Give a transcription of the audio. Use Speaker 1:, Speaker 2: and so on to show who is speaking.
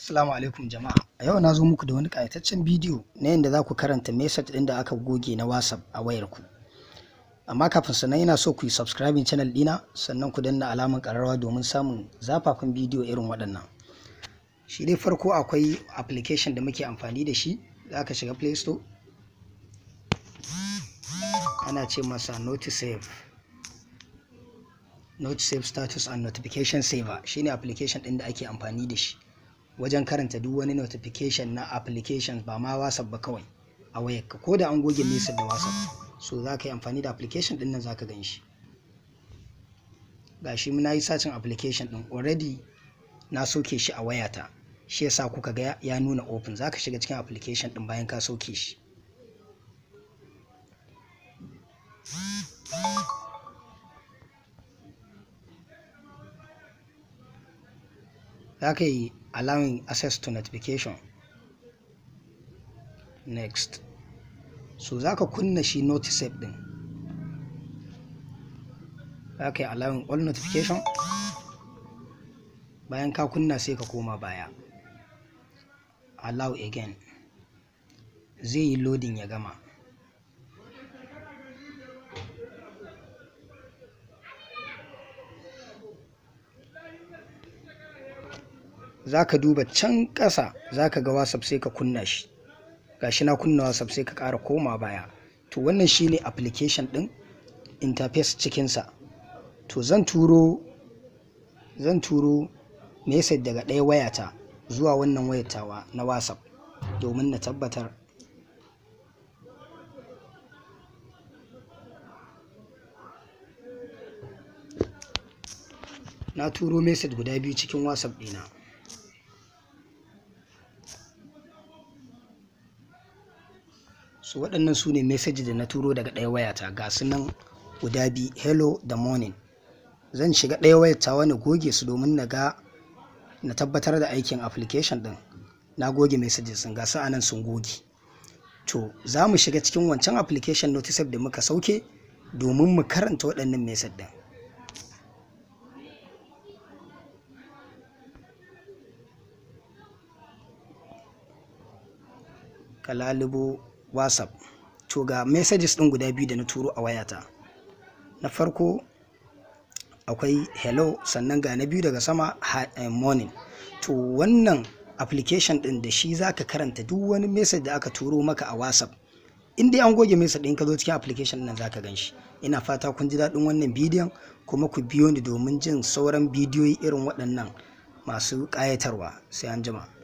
Speaker 1: Assalamu alaikum jama'a. A yau na zo muku da wani ƙayataccen bidiyo na yadda za ku karanta message ɗin da aka goge na WhatsApp a wayarku. Amma kafin sannan ina so ku yi subscribing channel ɗina sannan ku danna alamar ƙararrawa domin samun zafafin bidiyo irin waɗannan. Shi dai farko akwai application da muke amfani da shi za ka shiga Play Store. Ana ce masa Notice Save. Note Save Status and Notification Saver shine application ɗin da ake amfani da shi. wajen karanta duk wani notification na applications ba ma whatsapp ba kawai a wayarka ko da an goge nesa da whatsapp so za ka yi amfani da application din nan za ka gan shi gashi na yi sacin application din already na soke shi a wayata shi yasa kuka ga ya nuna open za ka shiga cikin application din bayan ka soke shi za ka yi allowing access to notification next so za ka kunna shi notice app din za ka yi allowing all notification bayan ka kunna sai ka koma baya allow again zai yi loading ya gama za ka duba can ƙasa za ka ga whatsapp sai ka kunna shi gashi na kunna whatsapp sai ka ƙara koma baya to wannan shine application ɗin interface cikinsa to zan turo zan daga ɗaya wayata zuwa wannan wayatawa na whatsapp domin na tabbatar na turo message guda biyu cikin whatsapp dina. so waɗannan su ne message da na turo daga ɗaya wayata ga nan guda bi hello da morning zan shiga ɗaya wayata wani goge su domin na ga na tabbatar da aikin application ɗin na goge messages ga su anan sun goge to za mu shiga cikin wancan application notice da muka sauke domin mu karanta waɗannan message ɗin kalalibu whatsapp to ga messages ɗin guda biyu da na turo a wayata na farko akwai hello sannan ga na biyu daga sama eh, morning to wannan application ɗin da shi za ka karanta duk wani message da aka turo maka a whatsapp inda an goge message ɗin ka zo cikin application nan za ka gan shi ina fata kun ji daɗin wannan bidiyon kuma ku biyo ni domin jin sauran bidiyoyi irin waɗannan masu ƙayatarwa sai an jima.